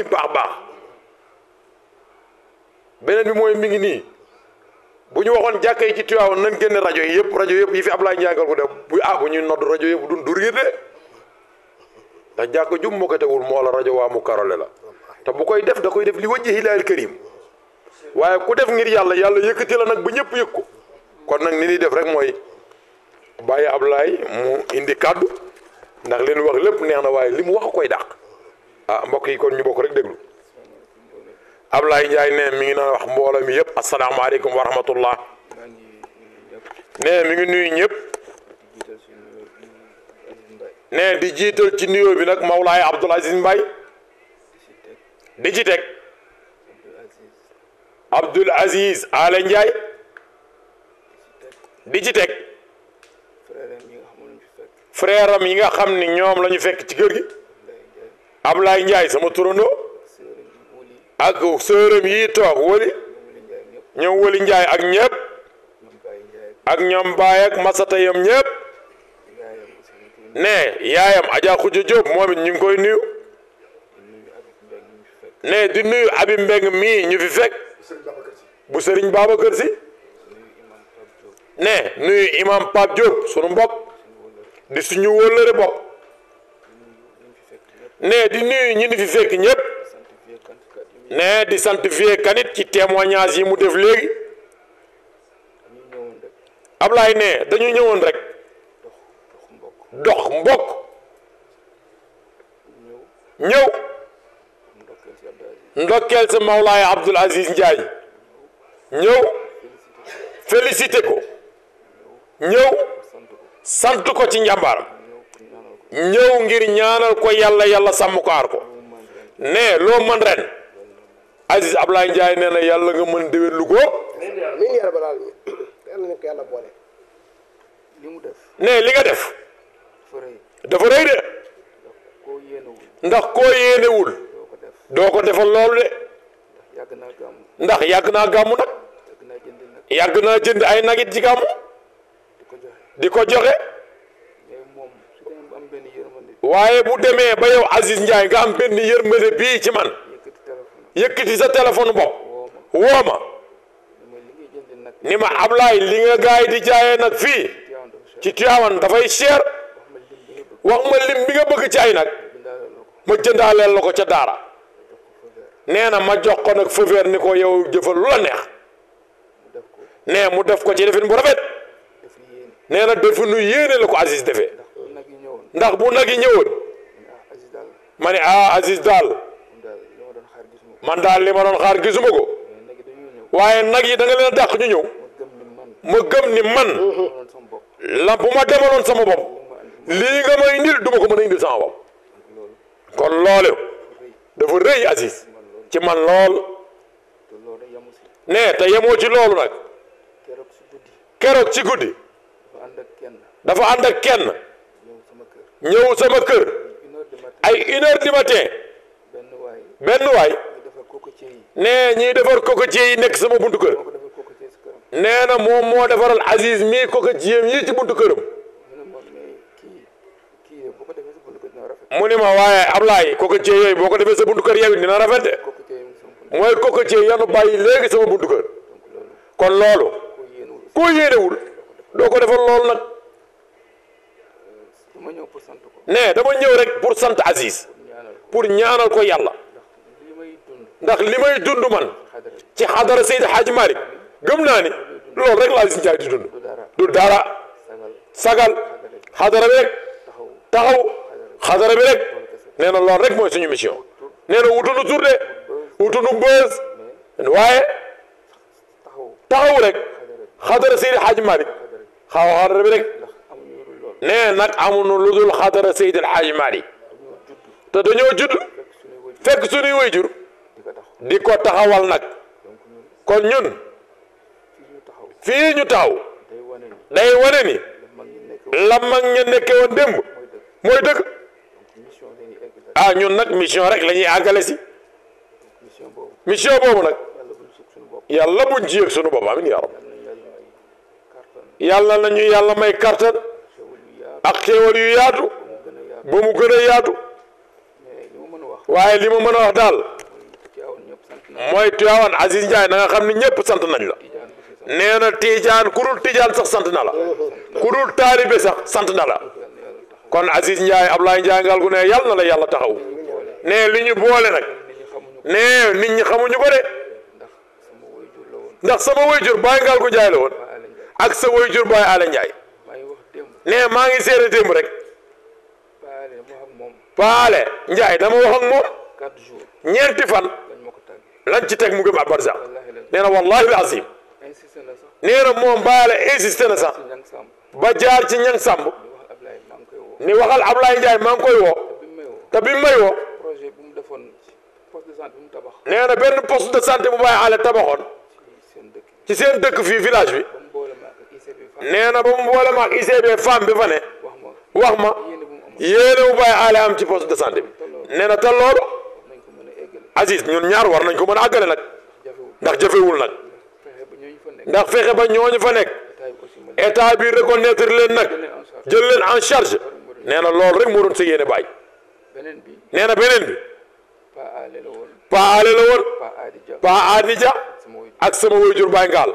mënuñ baax baax beneen bi mooy mi ngi nii bu ñu waxoon jàkka yi ci Tiwaawan nan génne rajo yi yëpp rajo yëpp yi fi Ablaye Ndiaye ko def bu ah ñuy nodd rajo yëpp du du riir de ndax jàkka ju mokkatewul moo la rajo waa mu karole la te bu koy def da koy def li wajji hilaayil karim waaye ku def ngir yàlla yàlla yëkkati la nag ba ñëpp yëg ko kon nag ni ñuy def rek mooy bàyyi Ablaye mu indi kàddu ndax leen wax lépp neex na waaye li mu wax koy dàq. ah mbokk yi kon ñu bokk rek déglu Ablaye Ndiaye ne mi ngi naan wax mbooloo mi yëpp asalaamaaleykum wa rahmatullah ne mi ngi nuyu ñëpp ne di jiital ci nuyoo bi nag Mawlaay Abdoul Aziz Mbaye di ci teg Abdoul Aziz Aale Ndiaye di ci teg frère yi nga xam ni ñoom la fekk ci kër gi. lay Ndiaye sama turandoo ak sërëm yi toog wëli ñoom wëli Ndiaye ak ñëpp ak ñoom Baye ak Masata yam ñëpp ne yaayam Adja Khoudia Diop moom it ñu ngi koy nuyu ne di nuyu Abi Mbeng mii ñu fi fekk bu Serigne Babacar Sy ne nuyu imam Pape Diop sunu mbokk di suñu wëllëre bokk ne di nuyu ñi ni fi fekk ñëpp ne di sant vie kanit ci témoignage yi mu def léegi Ablaye ne dañu ñëwoon rek dox mbokk ñëw ndokkeel sa Mawlaay Abdoul Aziz Ndiaye ñëw félicité ko ñëw sant ko ci njàmbaaram ñëw ngir ñaanal ko yàlla yàlla sàmm ko aar ko ne loo man ren aziz ablaye ndiaay nee na yàlla nga mën déwén lu ko ne li nga def dafa rëy de ndax koo yéenewul doo ko defal loolu de ndax yàgg naa gàmmu nag yàgg naa jënd ay nagit ci gàmmu di ko joxe waaye bu demee ba yow Aziz Ndiaye nga am benn yërmande bii ci man yëkkati sa téléphone bopp woo ni ma Ablaye li nga gaay di jaayee nag fii ci Tiwaawan dafay cher wax ma lim bi nga bëgg ci ay nag ma jëndaaleel la ko ca daara nee na ma jox ko nag fëfeer ni ko yow jëfal lu la neex nee mu def ko ci defin bu rafet nee na defu la ko Aziz defee ndax bu nag yi ñëwoon ma ne ah Aziz daal man daal li ma doon xaar gisuma ko waaye nag yi danga nga leen a dàq ñu ñëw ma gëm ni man la bu ma demaloon sama bopp lii nga ma indil du ma ko mën a indil sama bopp kon loolu dafa rëy Aziz ci man lool ne te yemoo ci loolu nag keroog ci guddi dafa ànd ak kenn ñëw sama kër ay une heure du matin benn waay nee ñiy defar cocotier yi nekk sama buntu kër nee na moom moo defaral Aziz mii cocotier yi ci buntu këram mu ni ma waaye Ablaye cocotier yooyu boo ko defee sa buntu kër yow dina rafet de mooy cocotier yanu bàyyi léegi sama buntu kër kon loolu ku yéenewul doo ko defal loolu nag. ne dama ñëw rek pour sante Aziz pour ñaanal ko yàlla ndax limay dund man ci hadara Seydi Hadji malik gëm na ni lool rek la ci jaay di dund du dara sagal hadara rek taxaw hadara bi rek neena lool rek moy suñu mission neena wutu nu tour de wutu wutunu bës waye taxaw rek hadara Seydi Hadji malik xaw hadara bi rek nee nag amuñu lu dul xadara Seydil Hadji Malick te dañoo judd fekk way wayjur di ko taxawal nag kon ñun fii ñu taxaw day wane ni la mag ña nekke woon démb mooy dëgg ah ñun nag mission rek la ñuy àggale si mission boobu nag yàlla buñ ci yëg suñu bopp amin yaa rab yàlla nañu yàlla may kartan ak xéewal yu yaatu ba mu gën a yaatu waaye li ma mën a wax daal mooy Tiwaawan Aziz Ndiaye na xam ne ñëpp sant nañ la nee na Tijaan ku dul Tijaan sax sant na la ku dul taalibe sax sant na la kon Aziz Ndiaye Ablaye Ndiaye ngal gu ne yàlla na la yàlla taxaw nee li ñu boole nag nee nit ñi xamuñu ko de ndax sama waajur Baay ngal gu Ndiaye la woon ak sa waajur Baay Ala Ndiaye. nee maa ngi seere démb rek paale Njaay dama wax ak moom ñeenti fan lañ ci teg mu gëm abarza nee na wallahi azim nee na moom baale insisté na sax ba jaar ci ñang sàmb ni waxal Ablaye Njaay maa ngi koy woo te bi may woo nee na benn poste de santé bu bàyyi àll tabaxoon ci seen dëkk fii village bi neena ba mu boole maag ICP femme bi fa ne wax ma yéene bu bàyyi aale am ci poste de santé bi nee na te loolu Aziz ñun ñaar war nañ ko mën a àggale nag ndax jëfewul nag ndax fexe ba ñooñu fa nekk état bi reconnaître leen nag jël leen en charge nee na loolu rek moo doon sa yéene bàyyi nee na beneen bi pa aale la woon pa aadija ak sama waajur bàyyi ngaal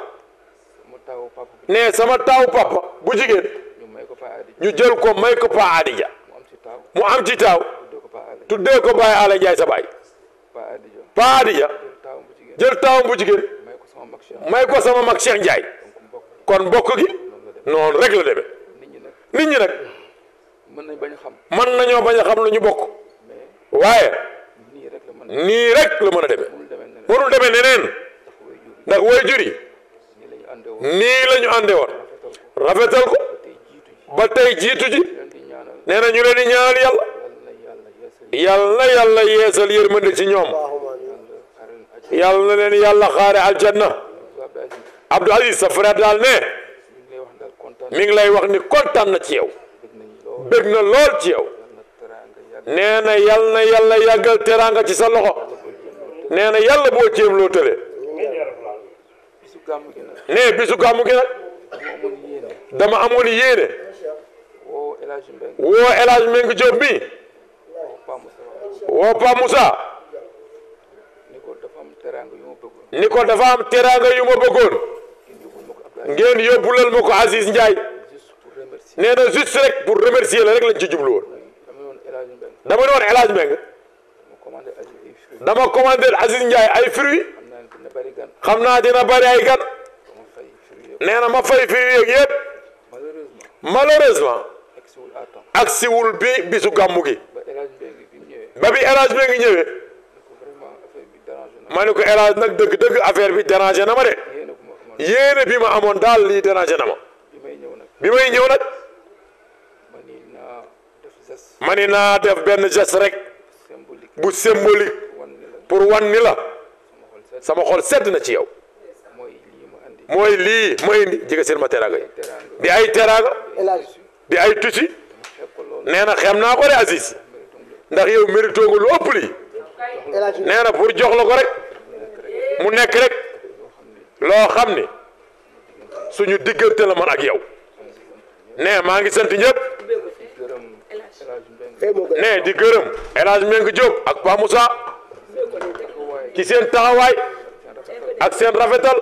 ne sama taw papa bu jigen ñu jël ko may ko pa Adija mu am ci taw tuddé ko Baye Ala jay sa baay pa Adija jël taw bu jigen may ko sama mak Cheikh jay kon bokk gi Non rek la demee nit ñi nag mën nañoo bañ a xam lu ñu bokk rek la mëna a warul ndax nii la ñu ànde woon rafetal ko ba tey jiitu ji nee na ñu leen di ñaanal yàlla yàlla na yàlla yeesal yërmande ci ñoom yàlla na leen yàlla xaare aljanna Abdou Aziz sa frère daal ne mi ngi lay wax ni kontaan na ci yow bëgg na lool ci yow nee na yàlla yàggal teraanga ci sa loxo nee na yàlla boo jéem loo tële gàmmu eh, bisu gàmmu gi dama amoon yéene. woo El Hadj Mbengue. woo woo Pa Moussa. ni ko dafa am teraanga yu ma bëggoon. ni ko dafa am teraanga yu ma bëggoon. ngeen yóbbulal ma ko Aziz Ndiaye. nee na juste rek pour remercier la rek lañ ci jublu dama ne woon El Hadj dama commandé Aziz Ndiaye ay fruits. xam naa dina bëri ay gan nee na ma fay fii yeeg malheureusement ak bi bisu gàmmu gi ba bi érage bi ngi ñëwee ma ko érage nag dëgg-dëgg affaire bi dérangé na ma de yéene bi ma amoon daal lii dérangé na ma bi may ñëw nag ma naa def benn geste rek bu symbolique pour wan la sama xol set na ci yow mooy lii ma indi jege seen ma teraanga yi di ay teraanga di ay tusi nee xem naa ko de Aziz ndax yow mérito nga lu ëpp lii nee pour jox la ko rek mu nekk rek loo xam ni suñu diggante la man ak yow nee maa ngi sant ñëpp nee di gërëm El Hadj Mbengue Diop ak Pa Moussa ci seen taxawaay. ak seen rafetal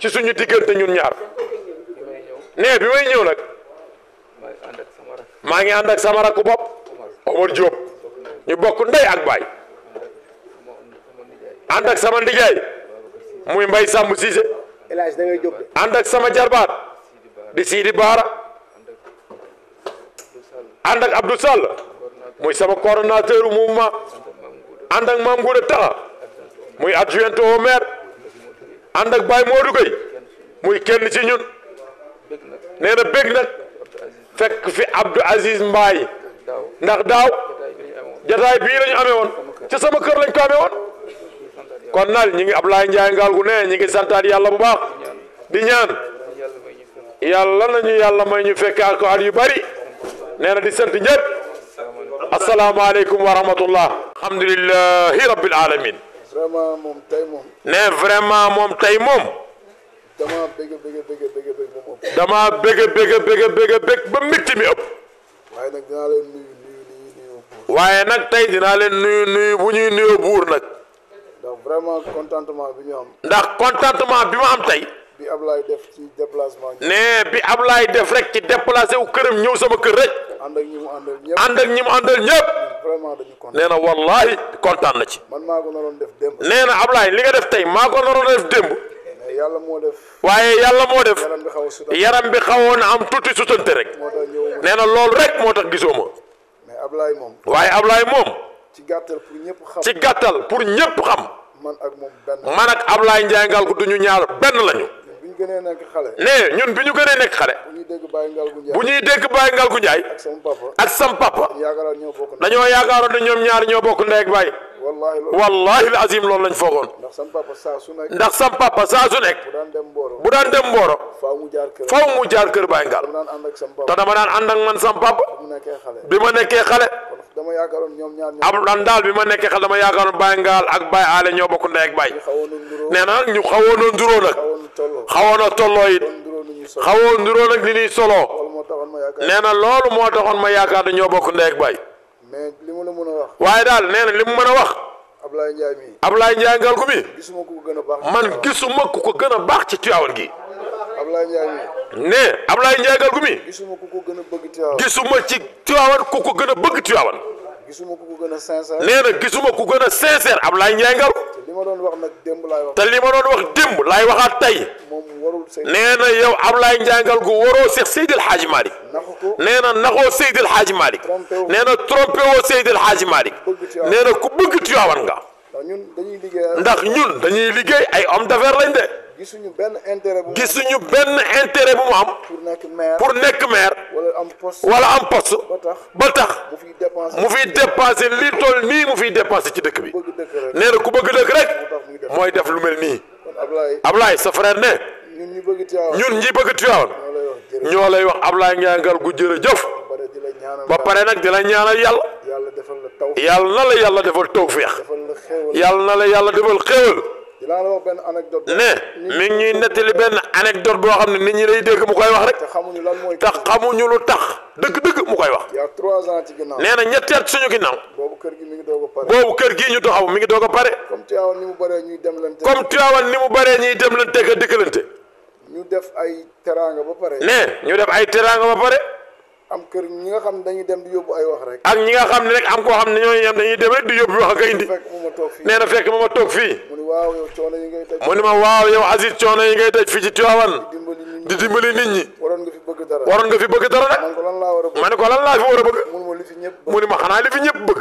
ci suñu diggante ñun ñaar nee bi may ñëw nag maa ngi ànd ak sama rakku bopp Omar Diop ñu bokk ndey ak baay ànd ak sama ndijaay muy Mbay Sàmb Siise ànd ak sama jarbaat di Siidi Baara ànd ak Abdou Sall muy sama coordonnateur mouvement ànd ak Maam Taxa muy adjoint au maire ànd ak Baye Modou Gueye muy kenn ci ñun nee na bég nag fekk fi Abdou Aziz Mbaye ndax daaw jataay bii lañu amee woon ci sama kër lañ ko amee woon kon nal ñi ngi Ablaye Ndiaye ngaal gu ne ñi ngi santaat yàlla bu baax di ñaan yàlla nañu yàlla may ñu fekk ak at yu bari nee na di sant ñëpp asalaamaaleykum wa rahmatullah alhamdulilahi rabbil alamin vraiment mon ne vraiment mom tay mom dama bege bege bege bege bege bege bege bege ba mi nuyu nuyu nuyu nuyu nuyu vraiment contentement bi ñu am. ndax contentement am bi def ci déplacement. wu ànd ak ñi mu àndal ñëpp ànd ak ñi mu àndal ñëpp. vraiment dañu kontaan nee na ci. man maa ko naroon def démb. nee na Ablaye li nga def tey maa ko naroon def démb. yàlla moo def waaye yàlla moo def yaram bi xawoon na am tuuti sutante rek nee na loolu rek moo tax gisoo ma waaye Ablaye moom ci gàttal pour ñëpp xam man ak Ablaye Ndiaye Ngalgou du ñu ñaar benn lañu. gënee nekk xale. nee ñun bi ñu gënee nekk xale. bu ñuy dégg Baye Ngalgu Ndiaye. bu ñuy dégg Baye Ngalgu Ndiaye. ak sam papa ak sam papa. dañoo yaakaaroon ne ñoom ñaar ñoo bokk ndey ak baay. wallahi al azim loolu lañ foogoon. ndax sam papa saa su nekk. ndax sam papa saa su nekk. bu daan dem Mboro. bu daan dem Mboro. faaw mu jaar kër faaw mu jaar Ngal. te dama daan ànd ak man sam bi ma nekkee xale. dama yaakaaroon daal bi ma nekkee xale dama yaakaaroon Baye Ngal ak Baye Aale ñoo bokk ndey ak baay. nee na ñu xawoon a nduroo nag xawoon a tolloo it xawoo nduróo nag li ñuy soloo nee na loolu moo taxoon ma yaakaar ne ñoo bokk ndey ak baay waaye daal nee na li mu mën a wax Ablaye Ndiaye mi Ablaye Ndiaye Ngalgou mi man gisuma ku ko gën a baax ci Tiwaawan gi Ablaye Ndiaye mi ne Ablaye Ndiaye Ngalgou mi gisuma ku ko gën a bëgg Tiwaawan gisuma ci Tiwaawan ku ko gën a bëgg Tiwaawan nee na gisuma ku gën a sincère Ablaye Ndiaye Ngalgou ma doon wax nag démb laay wax. te li ma doon wax démb laay waxaat tey. moom warul nee na yow gu waroo Seex Seydil Hadji Malick. naxu ko nee na naxoo Seydil Hadji Malick. trompé woo nee na trompé woo Seydil Hadji Malick. nee na ku bëgg Tiwaawan nga. ndax ñun dañuy liggéey. ndax ñun dañuy liggéey ay homme d'affaires lañ de. gisuñu benn intérêt bu gisuñu benn intérêt bu mu am. pour nekk maire pour nekk wala am poste wala am poste. ba tax ba tax mu fiy dépensé li toll nii mu fiy dépensé ci dëkk bi. nee ku bëgg dëkk rek. mooy def lu mel nii. Ablaye sa frère ne. ñun ñi bëgg Tiwaawan ñun ñi bëgg Tiwaawan ñoo lay wax Ablaye Ngangal a jërëjëf. ba pare nag di la ñaanal yàlla. yàlla na la yàlla defal tawféex. yàlla na la yàlla defal xéewal. dinaa la wax ngi nettali benn anecdote boo xam ne ni ñu day dégg mu koy wax rek. te xamuñu mooy. te xamuñu lu tax dëgg-dëgg mu koy wax. il y a trois ans ci nee na ñetti at suñu ginnaaw. boobu kër gi mi ngi ñu taxaw mi ngi doog a pare. comme Tivaouane ni mu bëree ñuy demlante. comme Tivaouane ni mu bëree ñuy demlante ak dikkalante. ñu def ay teraanga ba pare. ne ñu def ay teraanga ba pare. am kër ñi nga xam ne dañuy dem di yóbbu ay wax rek. ak ñi nga xam ne rek am koo xam ne ñooñu ñoom dañuy dem rek di yóbbu wax ak indi. nee fekk ma ma toog fii. mu ne waaw yow coono yi ngay tëj. mu ne ma waaw yow Aziz coono yi ngay tëj fii ci Tivaouane. di dimbali nit ñi. waroon nga fi bëgg dara. waroon nga fi bëgg dara nag. ma ko lan laa fi war a bëgg. mu ne ma xanaa li fi ñëpp bëgg.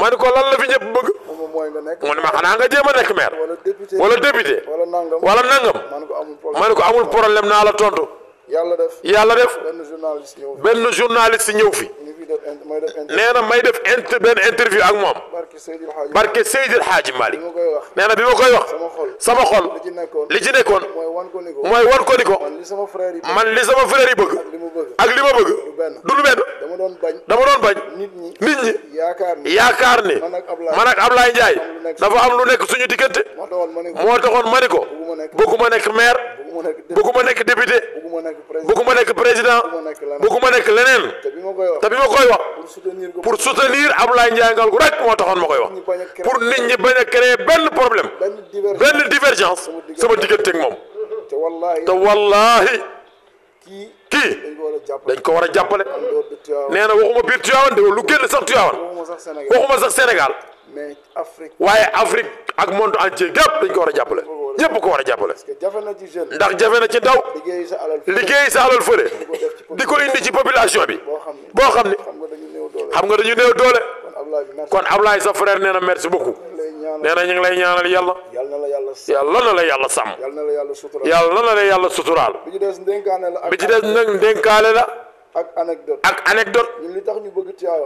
ma ko lan la fi ñëpp bëgg. mu ma xanaa nga jéem a nekk maire. wala député wala nangam. ma ko amul problème naa la tontu yàlla def benn journaliste ñëw fi nee na may def inter benn interview ak moom barke Seydil Hadji Malick nee na bi ma koy wax sama xol li ci nekkoon mooy wan ko ni ko man li sama frère yi bëgg ak li ma bëgg du lu benn dama doon bañ nit ñi yaakaar ne man ak Ablaye Ndiaye dafa am lu nekk suñu diggante moo taxoon ma ko bëgguma nekk maire bëgguma nekk député bëgguma nekk président bëgguma nekk leneen. te bi ma koy wax pour soutenir Abdoulaye Ndiaye Ngalgou rek moo taxoon ma koy wax pour nit ñi bañ a créer benn problème benn divergence sama diggante ak moom te wallaahi kii dañ ko war a jàppale nee na waxuma biir Tivaouane de lu génn sax Tivaouane waxuma sax Sénégal. mais Afrique waaye Afrique ak monde entier gépp dañ ko war a jàppale. ñëpp ko war a jàppale. ndax jafe na ci jeune. ndax jafe na ndaw. liggéey sa alal fële. di ko indi ci population bi. boo xam ni xam nga dañu néew doole. kon Ablaye sa frère nee na merci beaucoup. nee na ñu ngi lay ñaanal yàlla. yàlla na la na la yàlla suturaal. bi ci des nag ndénkaale la. ak anecdote. ak anecdote.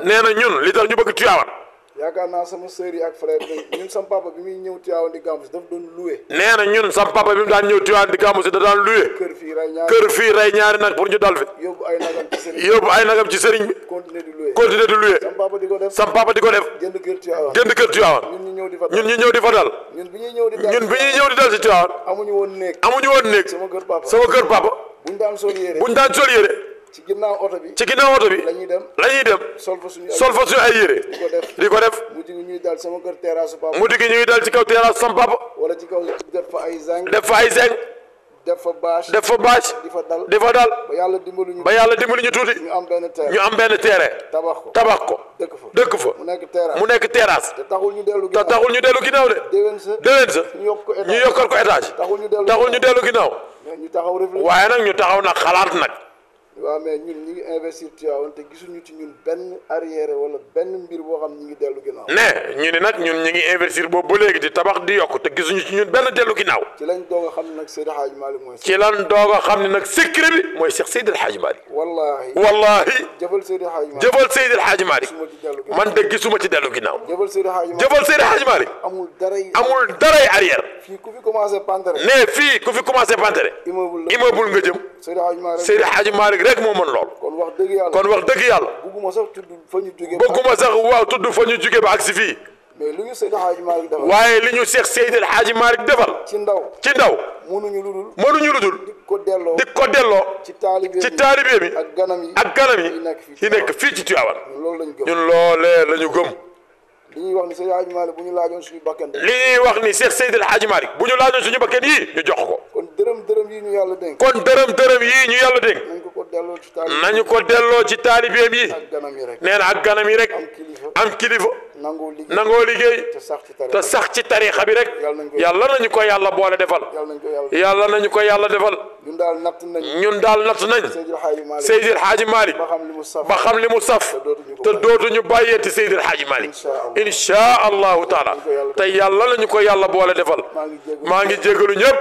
nee na ñun li tax ñu bëgg Tiwaawan. yaakaar naa sama sœur ak frère bi ñun sama bi muy ñëw Tivaouane di gàmmu si daf doon loué. nee na ñun sama papa bi mu daan ñëw Tivaouane di gàmmu da daan loué. kër fii rey ñaari fii rey ñaari nag pour ñu dal fi. yóbbu ay nagam ci sëriñ bi yóbbu ay nagam ci sëriñ bi. continuer di loué continuer di loué. sama papa di ko def sama papa di kër Tivaouane ñun ñu ñëw di fa dal ñun ñëw di fa dal. ñun bi ñuy ñëw di dal ñun bi ñuy ñëw di dal si Tivaouane. amuñu woon néeg amuñu woon néeg. sama kër papa sama kër papa. buñ daan sol yére ci ginnaaw oto bi ci ginnaaw oto bi la ñuy dem la ñuy dem sol fa suñu ay yére di ko def mu digg ñuy dal sama kër terrasse papa mu digg ñuy dal ci kaw terrasse sama papa wala ci kaw def fa ay zeng def fa ay zeng def fa bâche def fa bâche di fa dal ba yàlla dimbali ñu ñu tuuti ñu am benn terrain ñu am benn terrain tabax ko tabax ko dëkk fa dëkk fa mu nekk terrasse mu nekk terrasse te taxul ñu dellu ginnaaw te taxul ñu dellu de déwén sa déwén sa ñu yokk ko étage ñu yokkal ko étage taxul ñu dellu ginnaaw waaye nag ñu taxaw nag xalaat nag waaw mais ñun ñi ngi investir Tivaouane te gisuñu ci ñun benn arrière wala benn mbir boo xam ñi ngi dellu ginnaaw ne ñu ne nag ñun ñi ngi investir boobu ba léegi di tabax di yokk te gisuñu ci ñun benn dellu ginnaaw ci lañ doog a xam ne nag Seydi Hadj Malick mooy ci lañ doog a xam ne nag secret bi mooy Cheikh Seydi Hadj Malick wallaahi wallaahi jëfal Seydi Hadj Malick jëfal Seydi Hadj Malick man de gisuma ci dellu ginnaaw jëfal Seydi Hadj Malick jëfal Seydi Hadj Malick amul daray amul daray arrière fii ku fi commencé pantere ne fii ku fi commencé pantere immeuble nga jëm Seydi Hadj Malick rek moo mën lool. kon wax dëgg yàlla kon wax dëgg yàlla. bëgguma sax tudd fa ñu jógee. bëgguma sax waaw tudd fa ñu jógee ba ak si fii. mais li ñu Seydi Hadji waaye li ñu Seex Seydi Hadji Malick defal. ci ndaw ci ndaw. mënuñu ludul mënuñu ludul. di ko delloo di ko delloo. ci taalibe ci taalibe bi ak ganam yi ak ganam yi yi nekk fii ci Tiwaawan. ñun loolee la ñu gëm. li ñuy wax ni bu ñu laajoon suñu bakkan. li ñuy wax ni Seex Seydi Hadji Malick bu ñu laajoon suñu bakkan yii ñu jox ko. kon dërëm dërëm yii ñu nañu ko delloo ci taalibeem bi nee na ak ganam yi rek am kilifa nangoo liggéey te sax ci tariixa bi rek yàlla nañu ko yàlla boole defal yàlla nañu ko yàlla defal ñun daal natt nañ Seydil Xaaji Malik ba xam li mu saf te dootuñu bàyyeeti Seydil Xaaji Malik insha allahu taala te yàlla nañu ko yàlla boole defal maa ngi jégalu ñëpp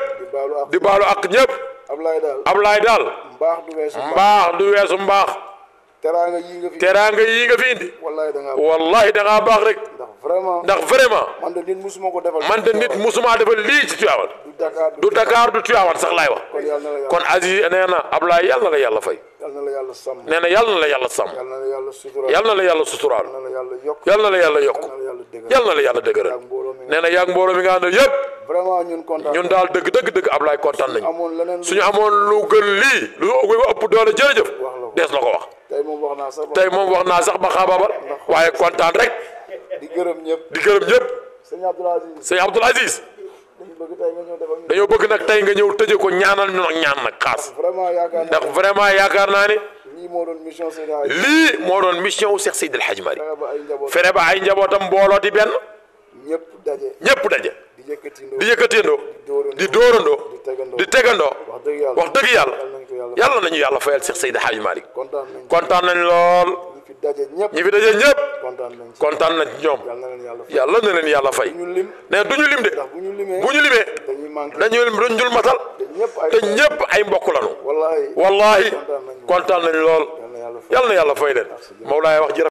di baalu ak ñëpp Ablaye daal Ablaye daal. mbaax du weesu mbaax mbaax du weesu mbaax. teraanga yii nga fi teraanga yii nga fi indi. wallahi da ngaa wallahi da ngaa baax rek. ndax vraiment ndax vraiment. man de nit musuma ko defal man de nit musuma defal lii ci Tivaouane. du Dakar du Dakar du Tivaouane sax laay wax. kon Aziz nee na Ablaye yàlla na la yàlla fay. yàlla na la yàlla sàmm nee na yàlla na la yàlla sàmm. yàlla na la yàlla suturaal yàlla na la yàlla suturaal. yàlla na la yàlla yokk yàlla na la yàlla yokk. yàlla na la yàlla dëgëral nee na yaa ngi mbooloo mi nga àndal yëpp vraiment ñun kontaan ñun daal dëgg dëgg dëgg Ablaye kontaan nañu ñu amoon lu gën lii lu ëpp doole jërëjëf dees la ko wax tey moom wax naa sax tey moom wax naa sax ba xaabaabal waaye kontaan rek di gërëm ñëpp di gërëm ñëpp sëñ Abdoul Aziz sëñ Abdoul dañoo bëgg nag tey nga ñëw tëje ko ñaanal ñu nag ñaan nag xaas ndax vraiment yaakaar naa ne lii moo doon mission wu Cheikh Seydil Hadj Mari fere ba ay njabootam mbooloo di benn ñëpp daje di yëkkateendoo di dóorandoo di tegandoo wax dëgg yàlla yàlla nañu yàlla fayal Cheikh Seydi Hadji Malick kontaan nañ lool ñi fi daje ñëpp kontaan nañ ñoom yàlla na leen yàlla fay ne du ñu lim de bu ñu limee dañu dañ dul matal te ñëpp ay mbokk lanu wallaahi kontaan nañ lool yàlla na yàlla fay leen Mawlaay wax ji